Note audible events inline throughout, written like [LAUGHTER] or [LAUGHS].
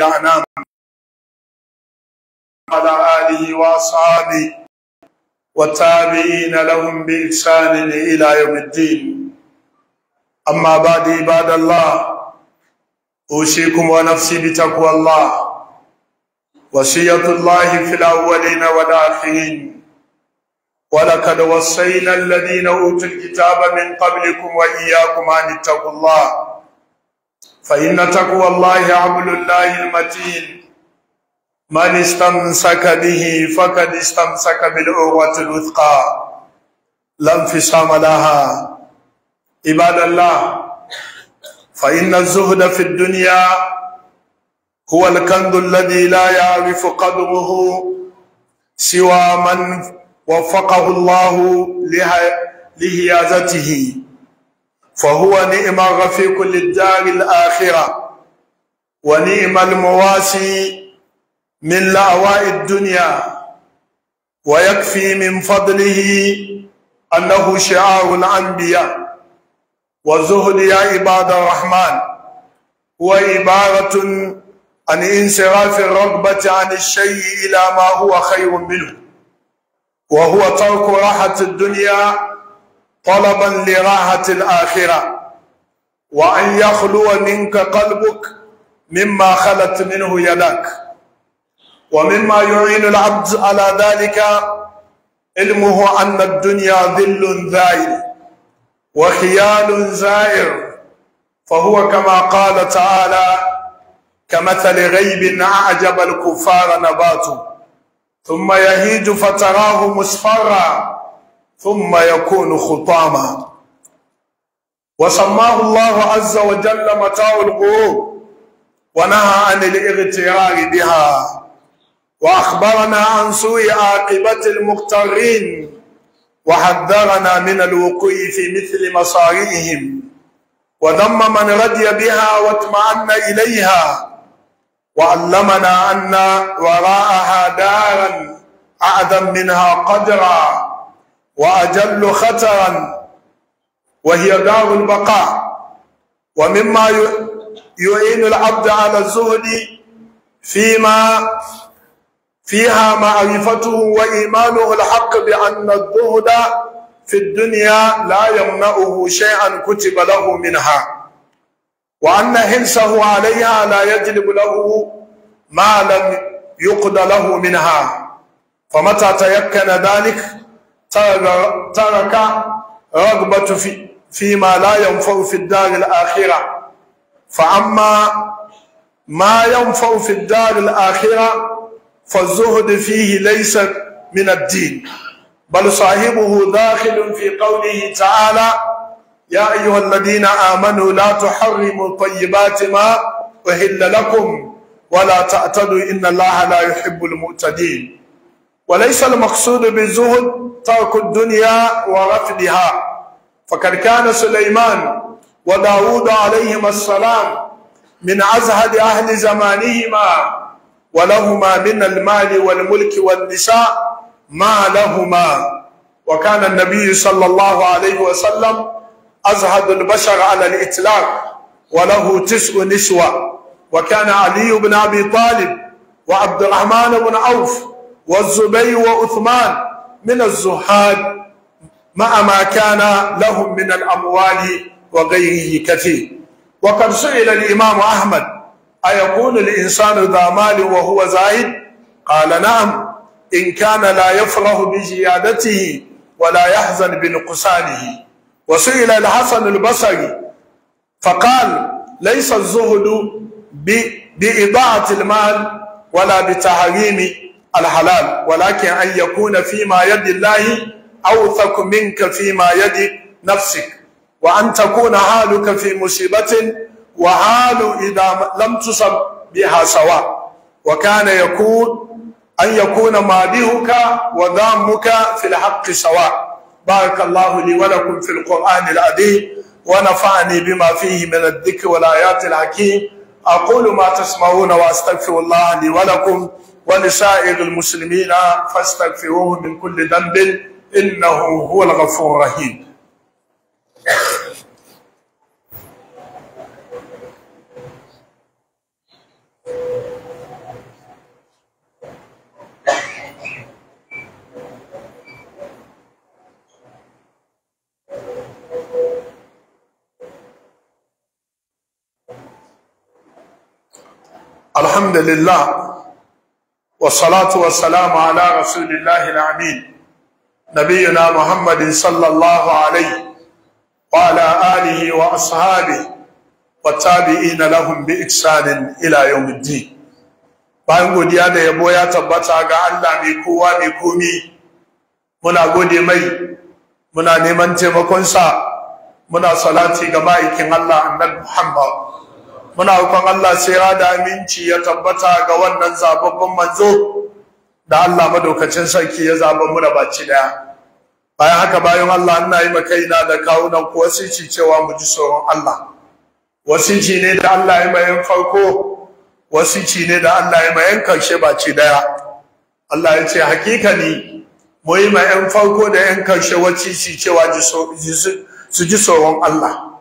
الأنام على آله وأصحابه والتابعين لهم بإحسان إلى يوم الدين أما بعد عباد الله أوصيكم ونفسي بتقوى الله وصية الله في الأولين والآخرين ولقد وصينا الذين أوتوا الكتاب من قبلكم وإياكم أن اتقوا الله فإن تقوى الله عبد الله المتين من استمسك به فقد استمسك بالعروة الوثقى لا انفصام لها عباد الله فإن الزهد في الدنيا هو الكنز الذي لا يعرف قدره سوى من وفقه الله لهيازته فهو نعم الرفيق للدار الآخرة ونعم المواسي من لأواء الدنيا ويكفي من فضله أنه شعار الأنبياء والزهد يا عباد الرحمن هو عبارة عن انصراف الرغبة عن الشيء إلى ما هو خير منه وهو ترك راحة الدنيا طلبا لراحة الآخرة وأن يخلو منك قلبك مما خلت منه يداك ومما يعين العبد على ذلك علمه أن الدنيا ذل ذائل وخيال زائر فهو كما قال تعالى كمثل غيب أعجب الكفار نباته ثم يهيج فتراه مصفرا ثم يكون خطاما وسماه الله عز وجل متاع القلوب ونهى عن الاغترار بها واخبرنا عن سوء عاقبه المغترين وحذرنا من الوقوع في مثل مصاريهم وذم من رضي بها واطمأن إليها وعلمنا أن وراءها دارا أعظم منها قدرا وأجل خطرا وهي دار البقاء ومما يعين العبد على الزهد فيما فيها معرفته وإيمانه الحق بأن الزهد في الدنيا لا يمنعه شيئا كتب له منها وأن حرصه عليها لا يجلب له ما لم يقد له منها فمتى تيكن ذلك ترك رغبة في فيما لا ينفع في الدار الآخرة فأما ما ينفع في الدار الآخرة فالزهد فيه ليس من الدين بل صاحبه داخل في قوله تعالى يا أيها الذين آمنوا لا تحرموا طيبات ما أهل لكم ولا تعتدوا إن الله لا يحب المعتدين وليس المقصود بالزهد ترك الدنيا ورفدها فقد كان سليمان وداود عليهما السلام من أزهد أهل زمانهما ولهما من المال والملك والنساء ما لهما وكان النبي صلى الله عليه وسلم أزهد البشر على الإطلاق وله تسع نسوة وكان علي بن أبي طالب وعبد الرحمن بن عوف والزبير وعثمان من الزهاد مع ما كان لهم من الأموال وغيره كثير وقد سئل الإمام أحمد أيكون الإنسان ذا مال وهو زائد قال نعم إن كان لا يفرح بزيادته ولا يحزن بنقصانه وسئل الحسن البصري فقال ليس الزهد بإضاعة المال ولا بتحريم الحلال ولكن أن يكون فيما يد الله أوثق منك فيما يد نفسك وأن تكون حالك في مصيبة وحال إذا لم تصب بها سواء وكان يكون أن يكون مادهك وذامك في الحق سواء بارك الله لي ولكم في القرآن العظيم ونفعني بما فيه من الذكر والآيات الحكيم أقول ما تسمعون وأستغفر الله لي ولكم ولسائر المسلمين فاستغفروه من كل ذنب انه هو الغفور الرحيم الحمد لله والصلاة والسلام على رسول الله الأمين نبينا محمد صلى الله عليه وعلى آله وأصحابه والتابعين لهم بإحسان إلى يوم الدين bayan godiya da yabo ya tabbata ga Allah mai kowa mai komi muna gode mai muna neman taimakonsa muna salati ga ma'aikin Allah annabi Muhammad muna roƙon Allah sira da aminci ya tabbata ga wannan zababban manzo da Allah madaukacin sarki ya zaba mu da baci daya bayan haka bayan Allah ina yi ina da kawunan ku wasici cewa mu ji tsoron Allah wasici ne da Allah ya mayan farko wasici ne da Allah ya mayan karshe baci daya Allah ya ce hakikani mu yi ma yan farko da yan karshe wasici cewa su ji tsoron Allah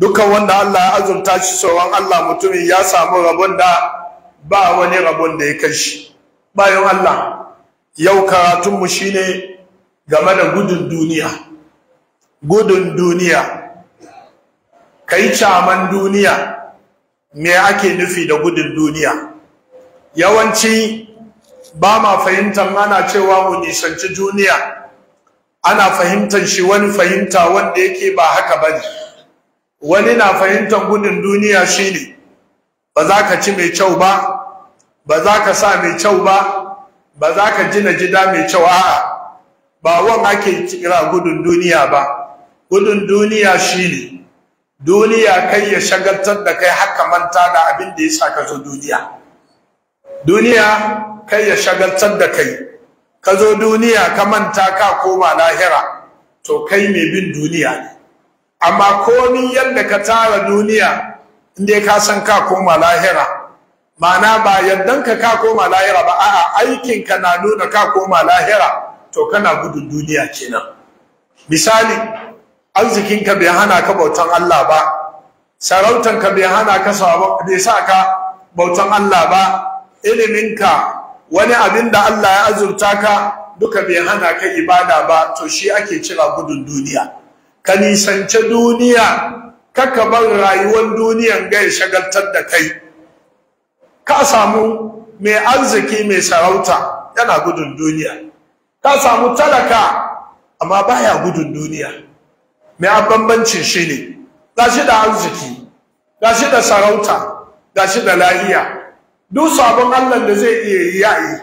dukkan wanda Allah ya azumta shi sauran Allah mutumin ya samu rabon da ba wani rabon da ya kai shi bayan Allah yau karatunmu shine game da gudun duniya gudun duniya kai caman duniya me ake nufi da gudun duniya yawanci ba ma fahimtar ana cewa mu nisanci duniya ana fahimtar shi wani fahimta wanda yake ba haka bane wani na fahimtar gudun duniya shine ba za ka ci mai kyau ba ba za ka sa mai kyau ba ba za ka jina jida mai kyau a'a ba wan ake kira gudun duniya ba gudun duniya shine duniya kai ya shagaltar da kai haka manta da abin da ya sa ka zo duniya duniya kai ya shagaltar da kai ka zo duniya ka manta ka koma lahira to kai mai bin duniya ne amma komi yadda ka tara duniya inda ka san ka koma lahira ma'ana ba yaddan ka ka koma lahira ba a'a aikinka na nuna ka koma lahira to kana gudun duniya kenan misali arzikinka bai hana ka bautan Allah ba sarautanka bai hana ka bai sa ka bautan Allah ba iliminka wani abin da Allah ya azurta ka duka bai hana ka ibada ba to shi ake cira gudun duniya ka nisance duniya kaka bar rayuwar duniyan gaya shagaltar da kai ka samu mai arziki mai sarauta yana gudun duniya ka samu talaka amma baya gudun duniya mai abambancin shi ne Ga shi da arziki ga shi da sarauta ga shi da lahiya duk sabon Allah da zai iya yi yayi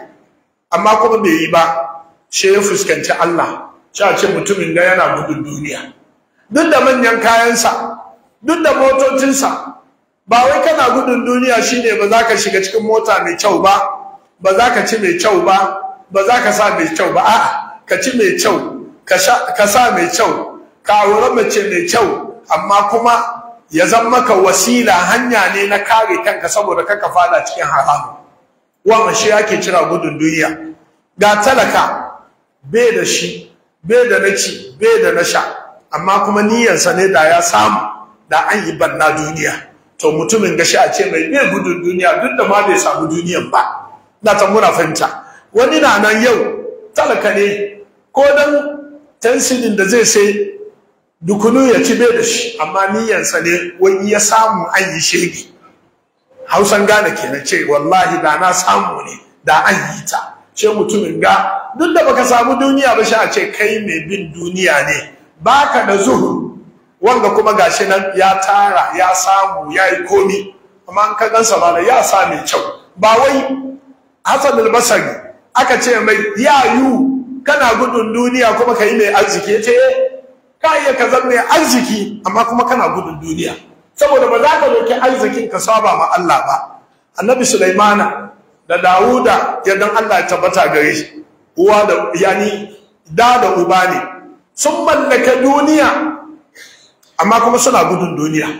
amma kuma bai yi ba shi ya fuskanci Allah cewa a ce mutumin da yana gudun duniya duk da manyan kayansa duk da motocinsa ba wai kana gudun duniya shine ba za ka shiga cikin mota mai kyau ba ba za ka ci mai kyau ba ba za ka sa mai kyau ba a'a ka ci mai kyau ka sa mai kyau ka aure mace mai kyau amma kuma ya zan maka wasila hanya ne na kare kanka saboda kaka fada cikin Wa wannan shi ake kira gudun duniya ga talaka bai da shi bai da na ci bai da na sha amma kuma niyyarsa ne da ya samu da an yi banna duniya to mutumin gashi a ce mai bai gudun duniya duk da ma bai samu duniyan ba na ta muna fahimta wani na nan yau talaka ne ko dan tansilin da zai sai dukunu ya ci bai da shi amma niyyarsa ne wani ya samu an yi shege hausan gane kenan ce wallahi da na samu ne da an yi ta ce mutumin ga duk da baka samu duniya ba shi a ce kai mai bin duniya ne baka da zuhur wanda kuma gashi nan ya tara ya samu ya yi komi amma an kan gansa ya sa mai kyau ba wai hasan albasari aka ce mai ya yu kana gudun duniya kuma kai mai arziki yace eh, ka iya ka zama mai arziki amma kuma kana gudun duniya saboda ba za ka doke arzikin ka saba ma Allah ba annabi Sulaimana da Dawuda dan Allah ya tabbata gare shi uwa da yani da da uba ne sun mallaka duniya amma kuma suna gudun duniya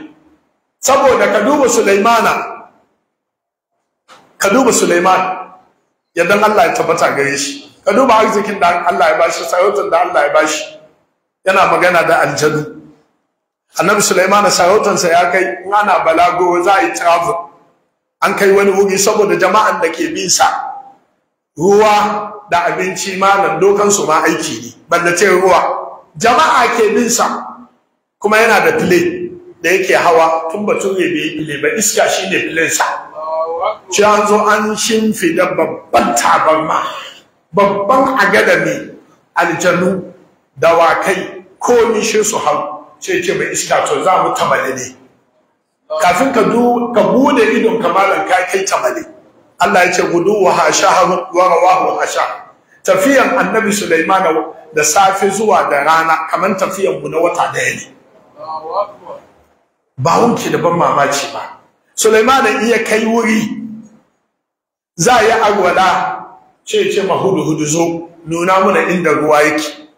saboda ka duba sulaimana ka duba sulaiman yadda Allah ya tabbata gare shi ka duba arzikin da Allah ya bashi sarautar da Allah ya bashi yana magana da aljanu annabi sulaiman sarautarsa ya kai in ana balago za a yi travel an kai wani wuri saboda jama'an da ke bin sa ruwa da abinci malam dokan su ma aiki ne Ban ce ruwa jama'a ke bin sa kuma yana da plane da yake hawa tun batun ne bai plane ba iska shine plane sa an zo an shimfida babban tabarma babban agadami aljanu dawakai ko shi su hau ce ce mai iska to za mu tamale ne kafin ka du ka bude idon kamalan ka kai tamale Allah ya ce gudu wa hasha wa rawahu hasha. tafiyan annabi Sulaiman da safe zuwa da rana kaman tafiyan mu na wata daya ne ba wuce da ban mamaci ba Sulaiman iya kai wuri za ya agwala ce ce ma hudu hudu zo nuna muna inda ruwa yake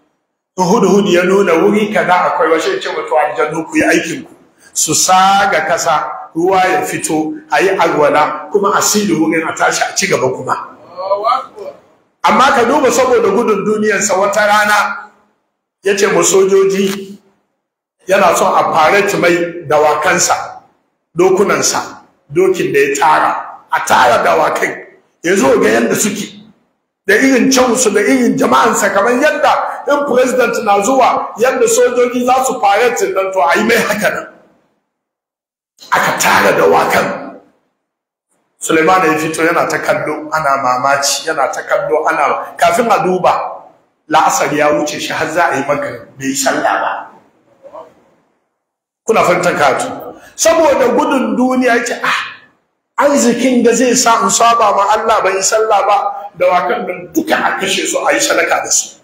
to hudu hudu ya nuna wuri kaza akwai washe ce mutu aljannu ku yi aikin ku su saga kasa ruwa ya fito ayi agwala kuma asili wurin a tashi a ci gaba kuma amma ka duba saboda gudun duniyarsa wata rana yace mu sojoji yana so a ci mai dawakansa dokunansa dokin da ya tara a tara dawakan, ya ga yadda suke da irin cansu da irin jama'ansa kamar yadda in president na zuwa yadda sojoji za su ci dan to a mai haka nan aka tara dawakan Suleiman ya fito yana ta kallo ana mamaci yana ta kallo ana kafin a duba la'asar ya wuce shi har za a yi maka bai sallah ba kuna fahimtar katu saboda gudun duniya yake ah arzikin da zai sa in saba ma Allah ban yi sallah ba da wakan nan duka a kashe su a yi sadaka da su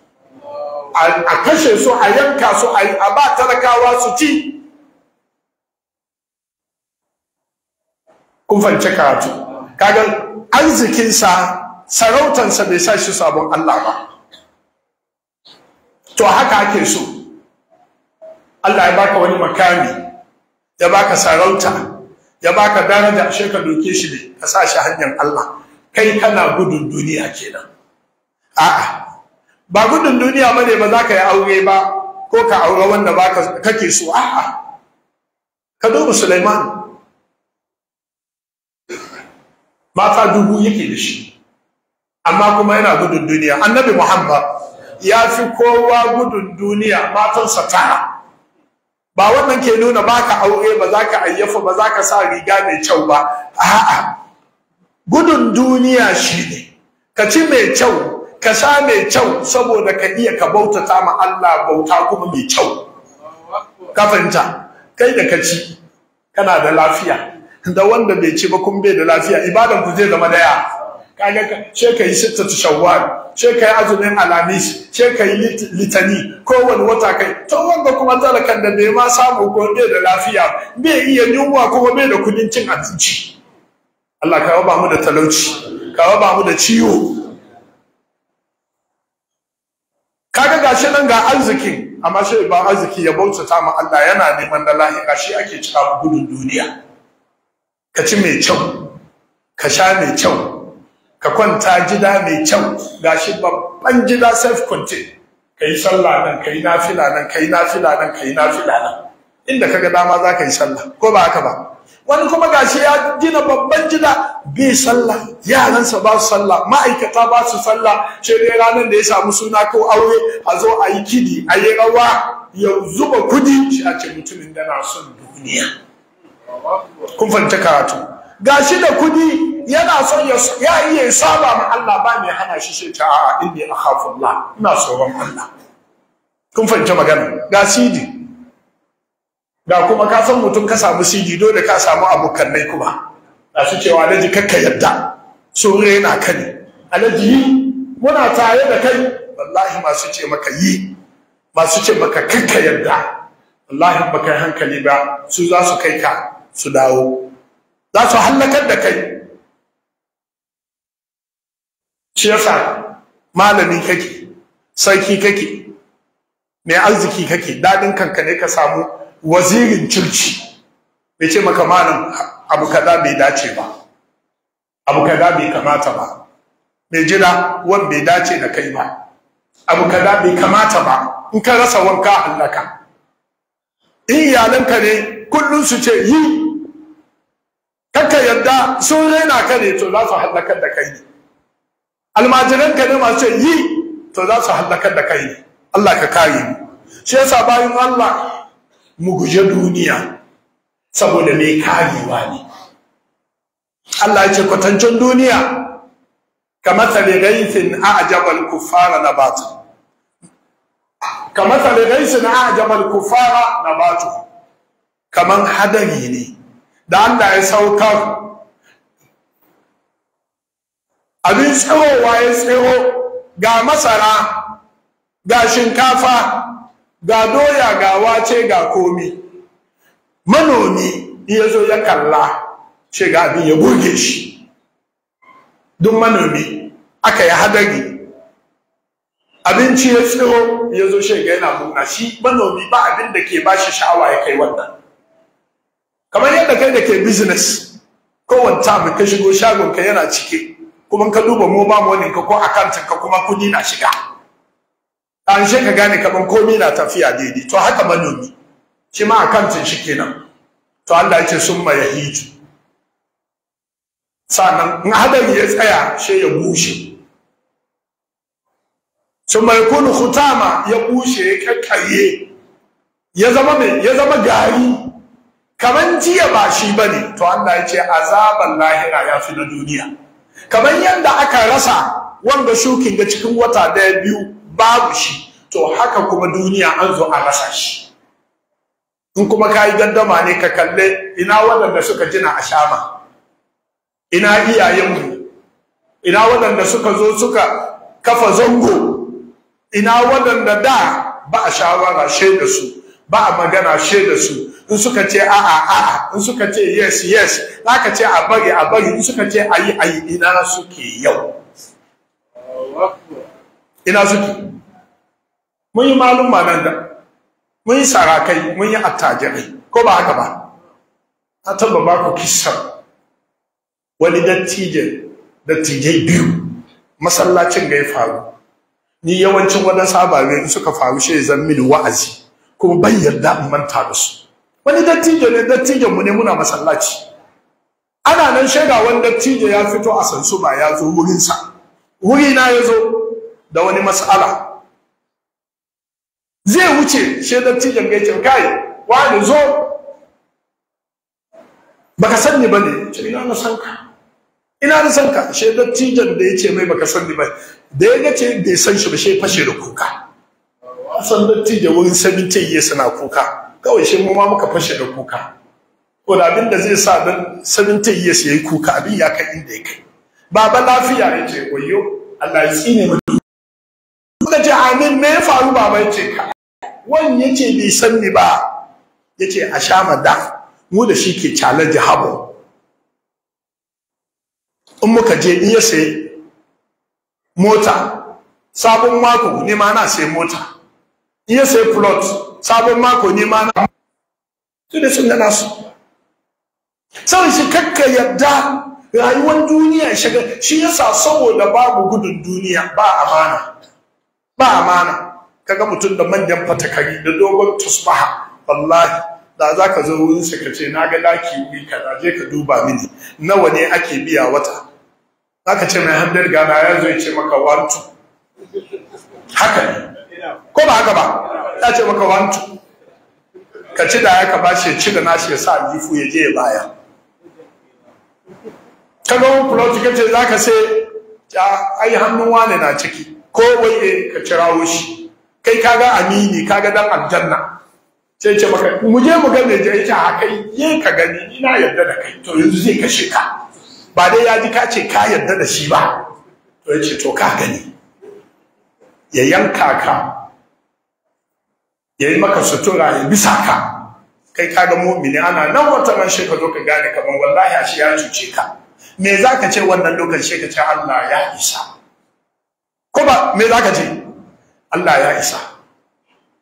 a kashe su a yanka su a ba talakawa su ci kun fance karatu kaga arzikinsa sarautansa bai sa shi sabon Allah ba to haka ake so Allah ya baka wani makami ya baka sarauta ya baka daraja ashe ka doke shi ne ka sa shi hanyar Allah kai kana gudun duniya kenan a'a ba gudun duniya bane ba za ka yi aure ba ko ka aure wanda baka kake so a'a ka duba Sulaiman mata dubu yake da shi amma kuma yana gudun duniya annabi muhammad ya fi kowa gudun duniya matansa tara ba wannan ke nuna ba ka aure ba za ka ayyafa ba za ka sa riga mai kyau ba a'a gudun duniya shi ne. ka ci mai kyau ka sha mai kyau saboda ka iya ka bautata ma Allah bauta kuma mai kyau ka fahimta kai da ka ci kana da lafiya da wanda bai ci ba kun bai da lafiya ibadan ku zai zama daya kaga ce kai sitta shawwal ce kai azumin alamis ce kai litani kowane wata kai to wanda kuma talakan da bai ma samu ko bai da lafiya bai iya yunwa kuma bai da kudin cin abinci Allah ka ba mu da talauci ka ba mu da ciwo kaga gashi nan ga arzikin, amma shi ba arziki ya bautata ma Allah yana neman da lahi gashi ake cika gudun duniya ka ci mai kyau ka sha mai kyau ka kwanta gida mai kyau Ga shi babban gida self contain ka yi sallah nan ka yi nafila nan ka yi nafila nan ka yi nafila nan inda kaga dama za ka yi sallah ko ba haka ba wani kuma ga shi ya gina babban gida bai sallah yaransa ba su sallah ma'aikata ba su sallah ce dai ranar da ya samu suna ko aure a zo a yi kidi a yi rawa ya zuba kudi shi a ce mutumin da na son duniya kun fahimta karatu gashi da kudi yana son ya iya saba ma Allah ba mai hana shi shi ta a inni akhafu Allah ina tsoron Allah kun fahimta magana ga CD ga kuma ka san mutum ka samu CD dole ka samu abokan nai kuma da su cewa alaji kakka yadda so yana kani. alaji muna tare da kai wallahi masu ce maka yi masu ce maka kakka yadda wallahi baka hankali ba su za su kai ka su dawo za su hallakar da kai shi yasa malami kake sarki kake mai arziki kake dadin kanka ne ka samu wazirin circi bai ce maka malam abu kaza bai dace ba abu kaza bai kamata ba mai jira wan bai dace da kai ba abu kaza bai kamata ba in ka rasa wanka hallaka in iyalanka ne kullum su ce yi kaka yadda sun raina ka ne to za su hallakar da kai ne almajiran ka ne masu yi to za su hallakar da kai ne Allah ka kare mu shi yasa bayan Allah mu guje duniya saboda mai karewa ne Allah ya ce kwatancin duniya ka matsali gaisin a ajabal kufara na batu ka matsali gaisin a ajabal kufara na batu Kamar hadari ne da Allah ya saukar abin tsawowa ya tsawo ga masara ga shinkafa ga doya ga wace ga komi manomi ya zo ya kalla ce ga abin ya burge shi duk manomi aka yi hadari abinci ya tsiro ya zo shiga yana muna shi manomi ba abin da ke ba shi sha'awa ya kai wannan kamar yadda kai da ke business kowane time ka shigo shagon ka yana cike kuma ka duba mobile money ka ko account ka kuma kudi na shiga an she ka gane kaman komai na tafiya daidai to haka manomi shi ma account shi kenan to Allah yake summa summa yahiju sannan in hadari ya tsaya she ya bushe summa yakunu khutama ya bushe ya kakkaye ya zama me? ya zama gari kaman jiya ba shi bane to Allah ya ce azaban lahira ya fi na duniya kaman yanda aka rasa wanda shukin ga cikin wata daya biyu babu shi to haka kuma duniya an zo a rasa shi in kuma kayi gandama ne ka kalle ina waɗanda suka jina a shama ina iyayenmu ina waɗanda suka zo suka kafa zango ina waɗanda da ba a shawara she da su ba a magana she da su in suka ce a'a a'a in suka ce yes yes zaka ce a bari a bari in suka ce ayi ayi ina suke yau ina suke mun yi malum ma nan da mun yi sarakai mun yi attajirai ko ba haka ba na taba ba ku kissar wani dattijai dattijai biyu masallacin ga ya faru ni yawancin waɗansu sababin in suka faru shi zan mini wa'azi kuma ban yarda in manta da su wani dattijo ne dattijon mu ne muna masallaci ana nan shaida wani dattijo ya fito a sansu ba ya zo wurinsa wurina ya zo da wani mas'ala zai wuce shi dattijon ga ce kai wani zo baka san ni bane ce ina na san ka ina na san ka shi dattijon da ya ce mai baka san ni bane da ya ce bai san shi ba shi fashe da kuka san dattijo wurin 70 years na kuka kawai shi mu ma muka fashe da kuka ko da abin da zai sa dan 70 years yayi kuka abin ya kai inda ya kai baba lafiya yace wayo Allah ya tsine mu kuka ji amin me ya faru baba yace ka wan yace bai san ni ba yace a sha mada mu da shi ke challenge habo in muka je in ya sai mota sabon mako ne ma na sai mota in ya sai plot sabon mako ne ma na da sun gana su shi kakka yadda rayuwar duniya shiga shi yasa saboda babu gudun duniya ba amana ba amana kaga mutum da manyan fatakari da dogon tusbaha wallahi da za ka zo wurin sa ka ce na ga daki wuri kaza je ka duba mini nawa ne ake biya wata Za ka ce mai hannun gana ya zo ya ce maka wantu haka ne ko ba haka ba ya ce maka wantu ka ci da ya ka bashi ya ci da nashi ya sa jifu ya je ya baya ka ga wani fulauti ka ce za ka sai ya ai hannun wane na ciki ko waye eh, ka kirawo shi kai kaga amini kaga dan aljanna sai ce maka mu je mu ga me je yake haka yi ka gani ina yarda da kai to yanzu zai kashe ka ba dai ya ji ka ce ka yarda da shi ba to ya to ka gani ya yanka ka ya yi maka sutura ya bisa ka kai ka ga mumini ana nan wata man shi ka zo ka gane kaman wallahi ashe ya cuce ka me za ka ce wannan lokacin shi ka ce Allah ya isa ko ba me za ka ce Allah ya isa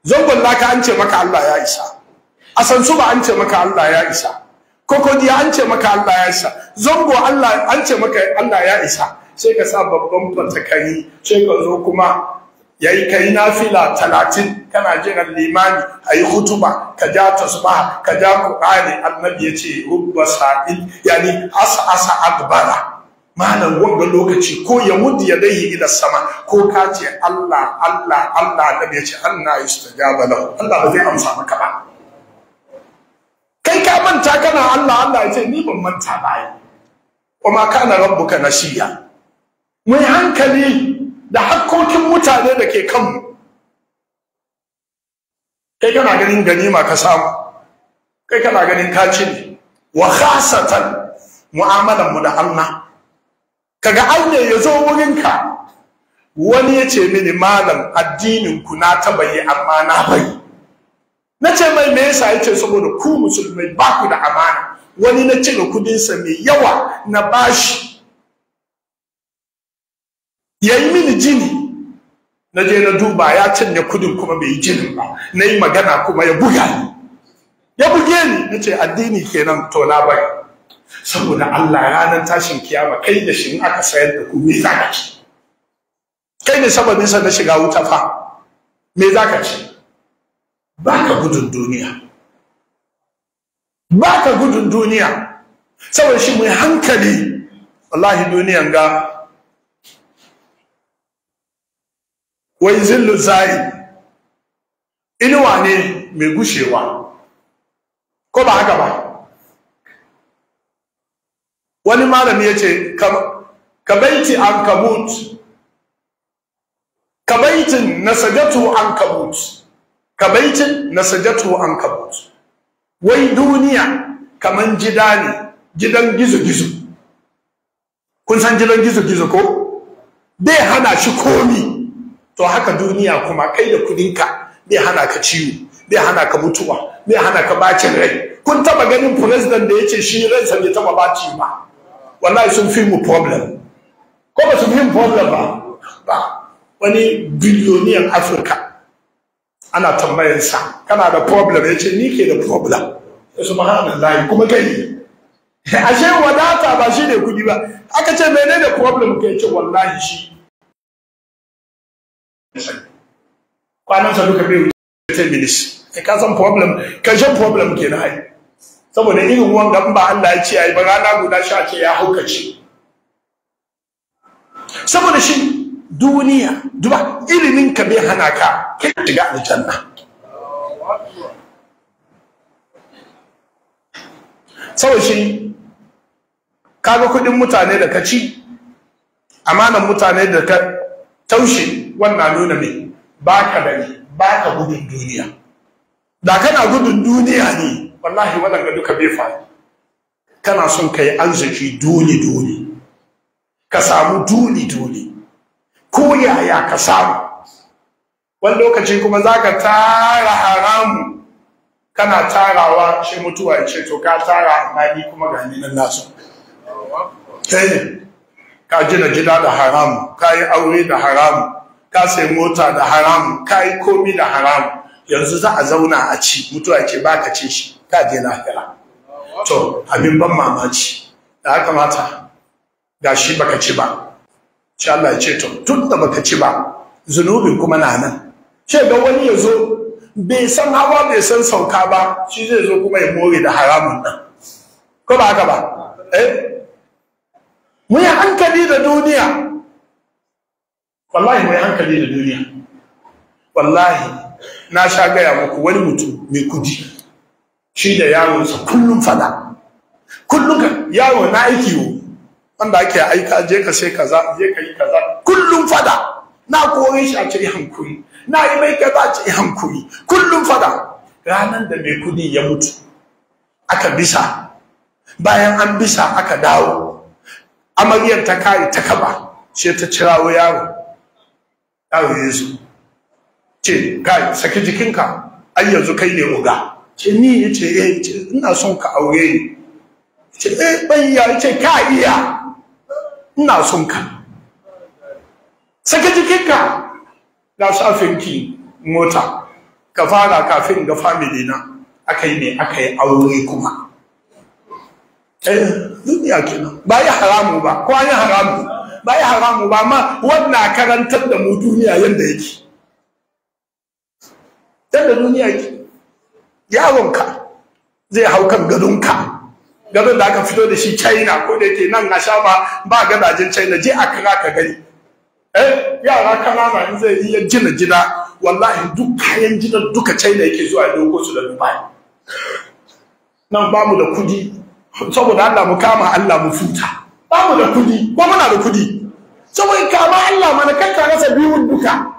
zan wallaka an ce maka Allah ya isa san su ba an ce maka Allah ya isa kokodiya an ce maka Allah ya isa zango Allah an ce maka Allah ya isa sai ka sa babban fatakari sai ka zo kuma ya yi ka yi nafila talatin kana jiran limani a yi hutuba ka ja tasbaha ka ja ƙur'ani annabi ya ce rubba sa'il yani asa asa adbara malam wanga lokaci ko ya mudu ya dai ila sama ko ka ce Allah Allah Allah annabi ya ce anna yustajaba lahu Allah ba zai amsa maka ba kai ka manta kana Allah Allah ya ce ni ban manta ba ai kuma kana rabbuka nasiya mai hankali da hakkokin mutane da ke kanmu kai kana ganin ganima ka samu kai kana ganin kaci ne wa khasatan mu'amalan mu da Allah kaga aune ya zo wurin ka. wani ya ce mini malam addinin ku na tabayi amma na bai na ce mai me yasa yace saboda ku musulmai ba ku da amana wani na cire kudinsa mai yawa na bashi ya yi mini jini na je na duba ya canye kudin kuma bai yi jinin ba na yi magana kuma ya buga ni ya buge ni na ce addini kenan to na bai saboda Allah ranar tashin kiyama kai da shi aka sayar da ku me za ka ci kai ne sababin sa na shiga wuta fa me za ka ci ba ka gudun duniya ba gudun duniya saboda shi mai hankali wallahi duniyan ga wai zillu zai inuwa ne mai gushewa ko ba haka ba wani malami ya ce ka baiti an kabut ka baitin na sajatu an kabut ka baitin na sajatu an kabut wai duniya kaman gida ne gidan gizo-gizo kun san gidan gizo-gizo ko dai hana shi komi to haka duniya kuma kai da kudinka bai hana ka ciwo bai hana ka mutuwa bai hana ka bacin rai kun taba ganin president da yace shi ransa bai taba baci ba wallahi sun fi mu problem ko ba su fi mu problem ba ba wani billionaire afirka ana tambayar sa. kana da problem yace ni ke da problem subhanallah kuma kai [LAUGHS] ashe wadata ba shi ne kudi ba aka ce menene problem ke? ce wallahi shi kwanansa duka bai wuce 10 minutes e ka san problem kashin problem ke na hai saboda irin wangan ba Allah ya ce yi ba rana guda sha ce ya haukace saboda shi duniya duba ilimin ka bai hana ka kai shiga aljanna saboda shi kaga kudin mutane da ka ci amanan mutane da ka taushe wannan nuna ne Ba baka da ka gudun duniya da kana gudun duniya ne wallahi wannan ga duka bai faru kana son kai arziki dole dole ka samu dole dole ko yaya ka samu wani lokaci kuma za ka tara haramu kana tarawa shi mutuwa ce to ka tara amma ni kuma ga ni nan nasu ka gina gida da haramu ka yi aure da haramu ka sayi mota da haramu ka yi komi da haramu yanzu za a zauna a ci mutuwa ce ba ka ce shi ka je lahira to abin ban mamaci da haka mata ga baka ci ba shi Allah ya ce to tun da baka ci ba zunubin kuma na nan ce ga wani ya zo bai san hawa bai san sauka ba shi zai zo kuma ya more da haramun nan ko ba haka ba eh mu yi hankali da duniya wallahi mai hankali da duniya wallahi na sha gaya muku wani mutum mai kudi shi da su kullum fada kullum ka yaro na aiki yi wanda ake aika je ka sai kaza je ka yi kaza kullum fada na kore shi a ce hankuri na yi mai kaza a ce hankuri kullum fada ranar da mai kudi ya mutu aka bisa bayan an bisa aka dawo amaryar ta kare ta kaba sai ta cirawo yaro kayoye su ce kai saki jikinka ai yanzu kai ne uga ce ni ya ce eh ce ina son ka aure ni ce eh ban ya ce ka iya ina son ka saki jikinka ga shafinki mota ka fara kafin ga family na aka yi ne aka yi aure kuma eh duniya kenan ba ya haramu ba ko an yi haramu ba haramu ba amma wannan karantar da mu duniya yanda yake yanda duniya yake yaronka zai hau kan gadonka gadon da aka fito da shi china ko da yake nan a sha ba ba gadajin china je a kira ka gani eh yara kanana in zai iya jina jina wallahi duk kayan jina duka china yake zuwa da su da dubai nan ba mu da kudi saboda Allah mu kama Allah mu futa ba mu da kudi ko muna da kudi saboda kama Allah mana kai ka rasa biyu duka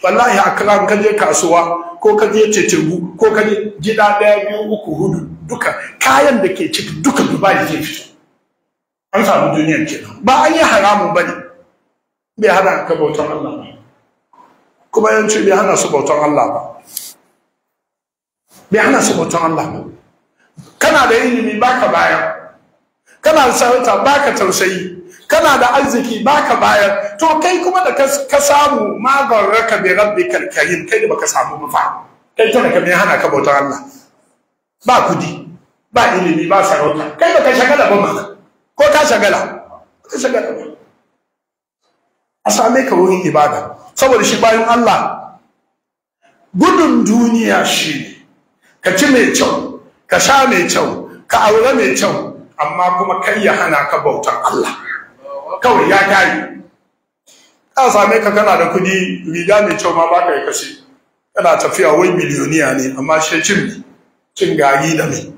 wallahi a kan ka je kasuwa ko ka je cecegu ko ka je gida daya biyu uku hudu duka kayan da ke ciki duka dubai zai fito an samu duniyar kenan ba an yi haramun ba ne bai hana ka bautan Allah ba kuma ce bai hana su bautan Allah ba bai hana su bautan Allah ba kana da ilimi baka baya kana da sarauta baka tausayi kana da arziki baka bayar to kai kuma da ka samu raka bi rabbi karkarin kai da baka samu ba kai tana ka mai hana ka bautar Allah ba kudi ba ilimi ba sarauta kai baka shagala ba ma ko ka shagala ka shagala ba a same ka wurin ibada saboda shi bayan Allah gudun duniya shi ka ci mai kyau ka sha mai kyau ka aure mai kyau amma kuma kai ya hana ka bautar Allah kawai ya kare ka same ka kana da kudi riga mai kyau ma baka yi kashe kana tafiya wai miliyoniya ne amma shi cin cin gari da mai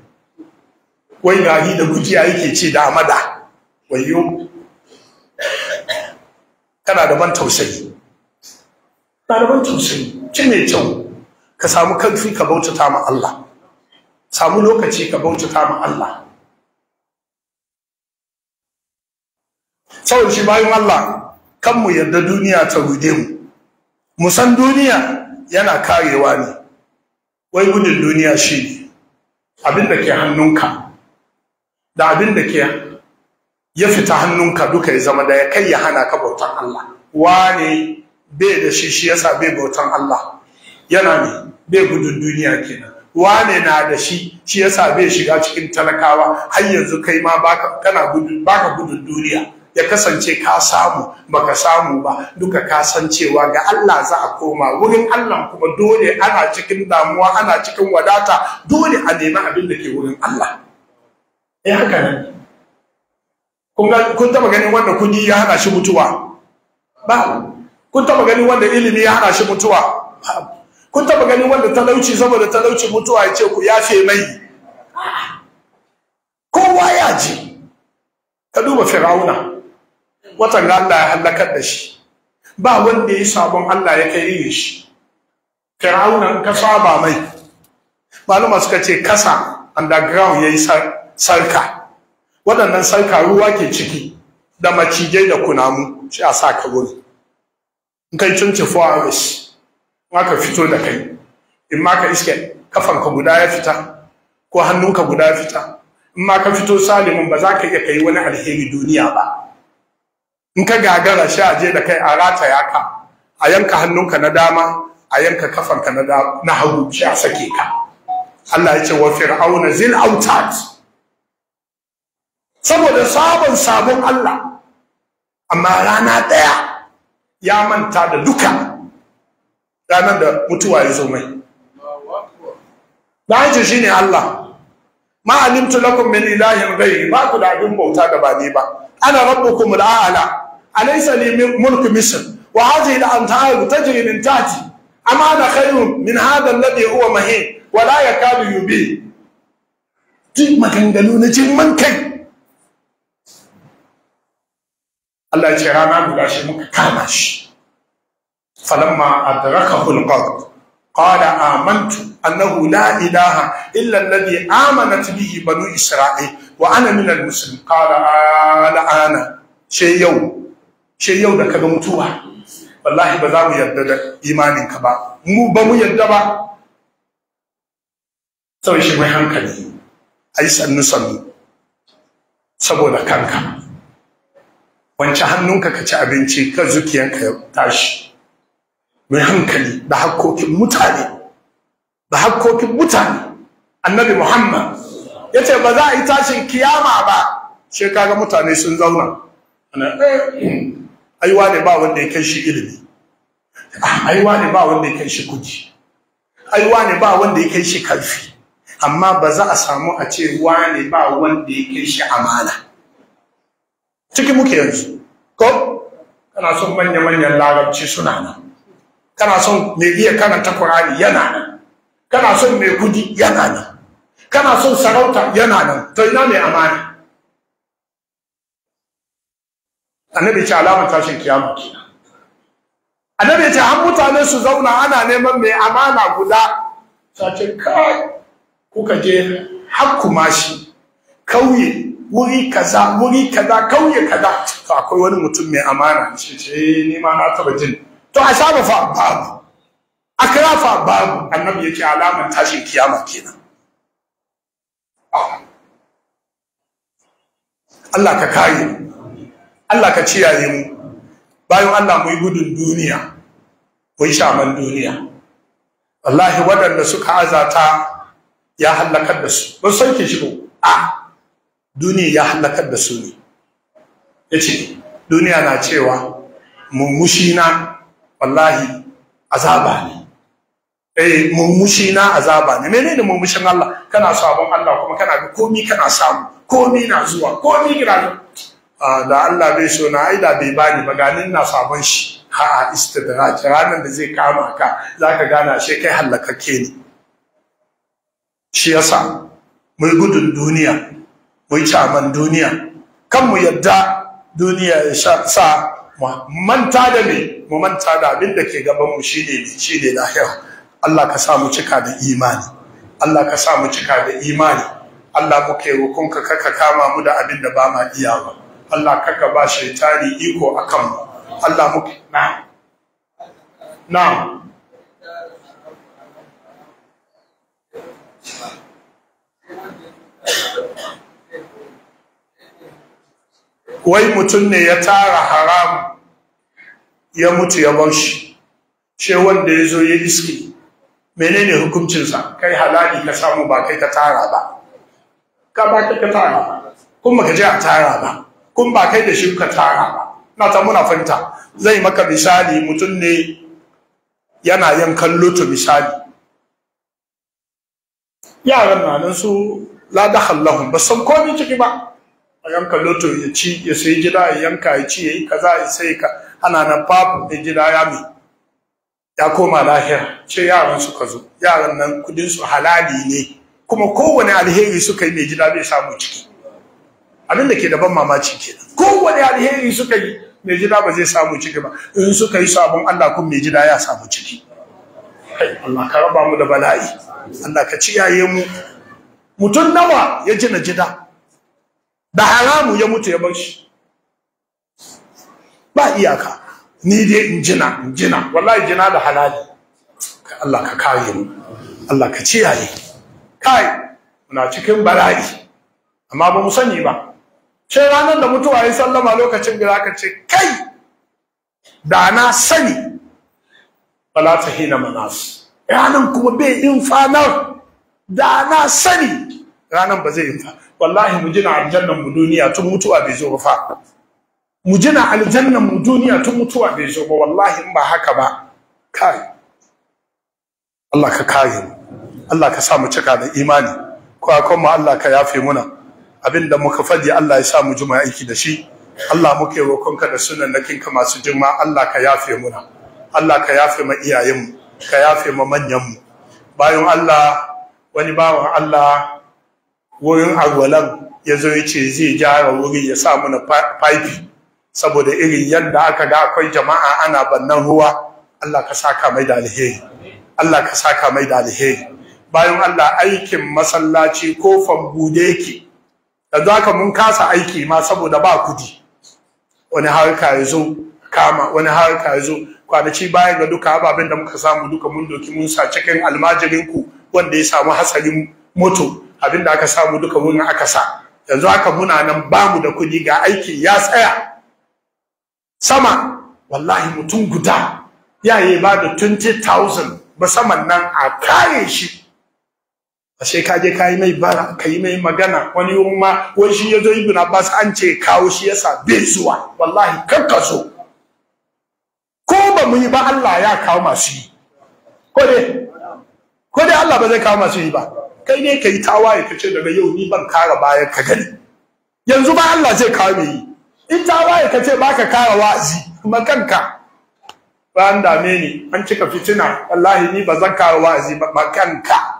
wai gari da gujiya yake ce da amada wayo kana da ban tausayi kana da ban tausayi cin mai kyau ka samu kanfi ka bautata ma Allah samu lokaci ka bautata ma Allah tsawon shi bayan Allah kan mu yarda duniya ta rude mu mu san duniya yana karewa ne wai gudun duniya shi ne abin da ke hannunka da abin da ke ya fita hannunka duka ya zama da ya kai ya hana ka bautan Allah wane bai da shi shi yasa bai bautan Allah yana ne bai gudun duniya kenan wane na da shi shi yasa bai shiga cikin talakawa har yanzu kai ma baka kana gudun baka gudun duniya ya kasance ka samu baka samu ba duka ka san cewa ga Allah za a koma wurin Allah kuma dole ana cikin damuwa ana cikin wadata dole a nemi abin da ke wurin Allah eh haka ne kun ga kun taba ganin wanda kudi ya hana shi mutuwa ba kun taba ganin wanda ilimi ya hana shi mutuwa kun taba ganin wanda talauci saboda talauci mutuwa ya ce ku yafe mai kowa ya ji ka duba fir'auna watan Allah ya hallakar da shi ba wanda ya sabon Allah ya kai yi shi fir'auna ka saba mai maluma suka ce kasa underground yayi sarka waɗannan sarka ruwa ke ciki da macijai da kunamu shi a sa ka gudu in kai cin cifo a ka fito da kai in ma ka iske kafanka guda ya fita ko hannunka guda ya fita in ma ka fito salimin ba za ka iya kai wani alheri duniya ba in ka gagara a je da kai a rataya ka a yanka hannunka na dama a yanka kafanka na na hagu shi a sake ka Allah ya ce wa fir'auna zil autat saboda sabon sabon Allah amma rana daya ya manta da duka ranar da mutuwa ya zo mai Daji shi ne Allah, ma'alimtu lakum min ilahin rai, ba ku da abin bauta da ba ne ba, ana rabbukum la'ala, أليس لي ملك مصر وهذه الأنهار تجري من تحتي أما أنا خير من هذا الذي هو مهين ولا يكاد يبي تيم مكان قالوا نجيب من كي الله جرانا بلاش مك كامش فلما أدركه القرد قال آمنت أنه لا إله إلا الذي آمنت به بنو إسرائيل وأنا من المسلم قال آه، آل آنا شيء يوم ce yau da kaga mutuwa wallahi ba za mu yarda da imaninka ba mu ba mu yarda ba sai shi mai hankali a yi sannu sannu saboda kanka wance hannunka ka ci abinci kan zukiyanka ya tashi mai hankali da hakkokin mutane da hakkokin mutane annabi muhammad ya ce ba za a yi tashin kiyama ba shekaga mutane sun zauna eh, aiwa ne ba wanda ya kai shi ilimi aiwa ne ba wanda ya kai shi kuji aiwa ne ba wanda ya kai shi karfi amma ba za a samu a ce wane ba wanda ya kai shi amana ciki muke yanzu ko kana son manya-manyan larabci suna nan kana son mai iya karanta kurani yana nan kana son mai kudi yana nan kana son sarauta yana nan to ina mai amana annabi ce alamar tashin kiyama kenan annabi ce an mutane su zauna ana neman mai amana guda ta ce kai kuka je hakkuma shi kauye wuri kaza wuri kaza kauye kaza to akwai wani mutum mai amana shi ce eh, ni ma na taba jin to a sha fa babu akra fa babu annabi yake alamar tashin kiyama kenan Allah ka kare mu Allah ka ciyaye mu bayan Allah mu yi gudun duniya mu yi shaman duniya wallahi waɗanda suka azata ya hallakar da su ba san ke shigo a duniya ya hallakar da su ne ya ce duniya na cewa na wallahi azaba ne eh mummushina azaba ne menene mummushin Allah kana sabon Allah kuma kana ga komi kana samu komi na zuwa komi gira zuwa Ah, da Allah bai so na aida bai bani ba ganin na sabon shi ha a istidraj ranar da zai kama ka zaka gana shi kai hallakakke ne shi yasa mu gudun duniya mu caman duniya kan mu yadda duniya ya sa mu manta da me mu manta da abin da ke gaban mu shine shine lahira Allah ka sa mu cika da imani Allah ka sa mu cika da imani Allah muke roƙonka kaka kama mu da abin da ba ma iyawa Allah kaka ba shaitani iko akan mu Allah muke na na. wai mutum ne ya tara haram ya mutu ya bar shi ce wanda ya zo ya iske menene hukuncinsa kai halali ka samu ba kai ka tara ba ka ba kai ka tara kuma ka je a tara ba kun ba kai da shi kuka tara ba na ta muna fanta zai maka misali mutum ne yana kallo to misali yaran na nan su la dakhallahum ba san komai ciki ba a yanka to ya ci ya sai gida ya yanka ya ci yayi kaza ya sai ka ana nan babu da gida ya mi ya koma lahira ce yaran ka zo yaran nan kudin su halali ne kuma kowane alheri suka yi mai gida zai samu ciki abin da ke da ban mamaci kenan kowane alheri suka yi mai jina ba zai samu ciki ba in suka yi sabon Allah kun mai jina ya samu ciki Allah ka raba mu da bala'i Allah ka ciyaye mu mutum nawa ya jina na jida da haramu ya mutu ya bar shi ba iyaka ni dai in jina in jina wallahi jina da halali Allah ka kare mu Allah ka ciyaye kai muna cikin bala'i amma ba mu sani ba Sai ranar da mutuwa ya sallama lokacin da zaka ce kai da na sani fala ta hina manas ranan kuma bai din fanar da na sani ranan ba zai fa wallahi mu jina aljannan mu duniya tun mutuwa bai zo fa mu jina aljannan mu duniya tun mutuwa bai zo ba wallahi in ba haka ba kai Allah ka kare mu Allah ka sa mu cika da imani ko akon mu Allah ka yafe muna abinda muka fadi Allah ya sa mu juma aiki da shi Allah muke ka da sunan ka masu juma Allah ka yafe muna Allah ka yafe ma iyayenmu ka yafe ma manyanmu bayan Allah wani bawan Allah wurin agwalan ya zo ya ce zai gyara wuri ya sa mana pipe saboda irin yadda aka ga akwai jama'a ana bannan ruwa Allah ka saka mai da alheri Allah ka saka mai da alheri bayan Allah aikin masallaci kofan bude yake yanzu haka mun kasa aiki ma saboda ba kudi wani harka ya zo kama wani harka ya zo kwanaki bayan ga duka ababen da muka samu duka mun doki mun sa cikin almajirin ku wanda ya samu hatsarin moto abin da aka samu duka mun aka sa yanzu haka muna nan bamu da kudi ga aiki ya tsaya sama wallahi mutum guda yaye ba da 20,000 saman nan a kare shi ashe ka je kai mai bara kai mai magana wani umma wani shi yazo ibn abbas an ce kawo shi yasa bai zuwa wallahi kanka zo ko ba mu yi ba Allah ya kawo masu yi ko dai ko dai Allah ba zai kawo masu yi ba kai ne kai tawaye ka ce daga yau ni ban kara bayan ka gani yanzu ba Allah zai kawo mai yi in tawaye ka ce baka kara wa'azi kuma kanka ba an dame ni an cika fitina wallahi ni ba zan kara wa'azi ba kanka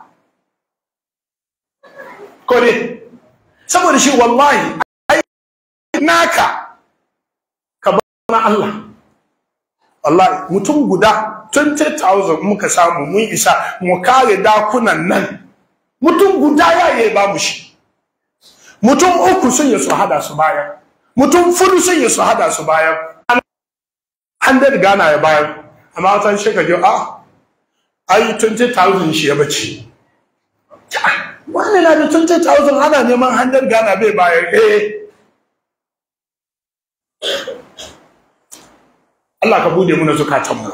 hakuri saboda shi wallahi ai naka ka ba na Allah wallahi mutum guda 20000 muka samu mun isa mu kare dakunan nan mutum guda ya yi ba mu shi mutum uku sun yi su hada su bayan mutum furu sun yi su hada su bayan an da gana ya bayan amma wata shekaru a ah, ai 20000 shi ya bace wani na da 20,000 ana neman hanyar gana bai bayar eh Allah ka bude muna zukatanmu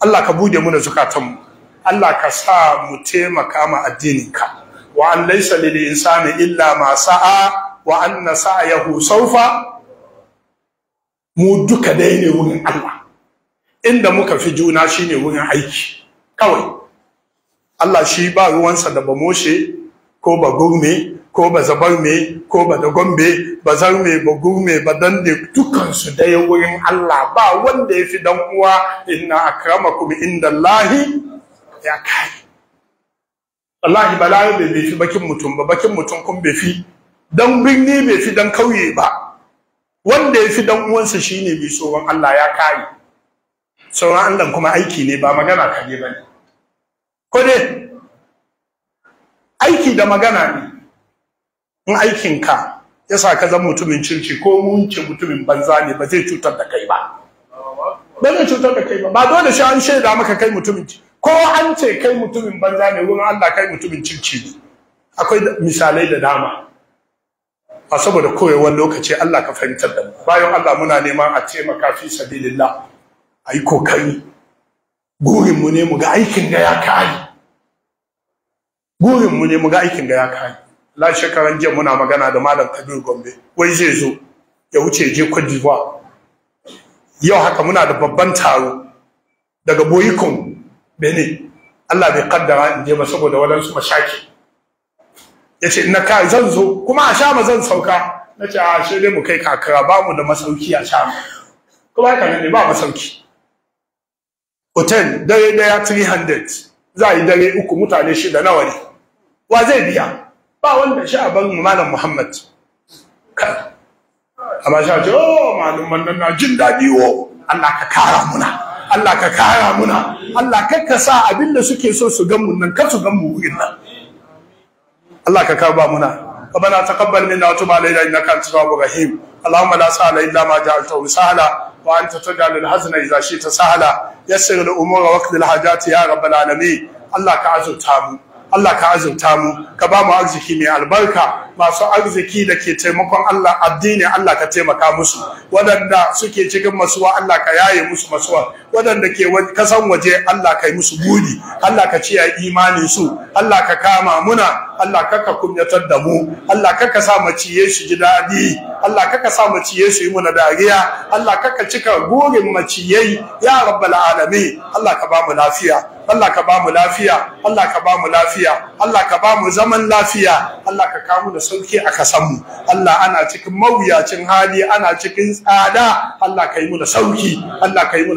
Allah ka bude muna zukatanmu Allah ka sa mu taimaka ma addininka wa an laysa lil insani illa ma sa'a wa anna sa'yahu sawfa mu duka dai ne wurin Allah inda muka fi juna shine wurin aiki kawai Allah shi ba ruwansa da ba bamoshe ko ba gurme ko ba zabarme ko ba da gombe ba zarme ba gurme ba da dukansu daya wurin Allah ba wanda ya fi dan uwa inna akramakum indallahi ya kai wallahi balarabe bai fi bakin mutum ba bakin mutum kun bai fi dan birni bai fi dan kauye ba wanda ya fi dan uwansa shine bai wan Allah ya kai sauran Allah kuma aiki ne ba magana kaje bane ko dai aiki da magana ne in ka ya sa ka zama mutumin cirki ko munce mutumin banza ne ba zai cutar da kai ba ba zai cutar da kai ba ba dole shi an shaida maka kai mutumin ko an ce kai mutumin banza ne wurin Allah kai mutumin cirki ne akwai misalai da dama a saboda koyewar lokaci Allah ka fahimtar da mu bayan Allah muna neman a taimaka fi sabilillah a kokari kokari mu ne mu ga aikin da ya kai. burin mu ne mu ga aikin ga ya kai la shekaran jiya muna magana da malam Kabir Gombe wai zai zo ya wuce je Cote d'Ivoire yau haka muna da babban taro daga Boyikon Benin Allah bai kaddara in je ba saboda wadansu mashaki yace ina kai zan zo kuma a shama zan sauka nace a ah, shi dai mu kai kakara ba mu da masauki a shama kuma haka ne ba masauki hotel dare daya 300 za a yi dare uku mutane shida nawa ne wa zai biya ba wanda shi a ban malam muhammad amma shi ce oh malaman nan na jin daɗi o. Oh, Allah ka kara muna Allah ka kara muna Allah kar ka sa abin da suke so su gan mu nan kar su gan mu wurin nan Allah ka kara ba muna ربنا تقبل منا وتب علينا انك انت التواب الرحيم اللهم لا سهل الا ما جعلته سهلا وانت تجعل الحزن اذا شئت سهلا يسر الامور واقض الحاجات يا رب العالمين الله كعزو تامو Allah ka azurta mu ka ba mu arziki mai albarka masu arziki da ke taimakon Allah addini Allah ka taimaka musu waɗanda suke cikin masuwa Allah ka yaye musu masuwa waɗanda ke kasan waje Allah ka yi musu buri. Allah ka ciya imani su Allah ka kama muna Allah ka ka kunyatar da mu Allah ka ka sa mu ciye shi ji daɗi Allah ka ka sa mu ciye su yi muna dariya Allah ka ka cika gurin maciyai ya rabbal alamin Allah ka ba mu lafiya Allah ka ba mu lafiya Allah ka ba mu lafiya Allah ka ba mu zaman lafiya Allah ka kawo da sauki a kasan mu Allah ana cikin mawuyacin hali ana cikin tsada Allah ka yi mu da sauki Allah ka yi mu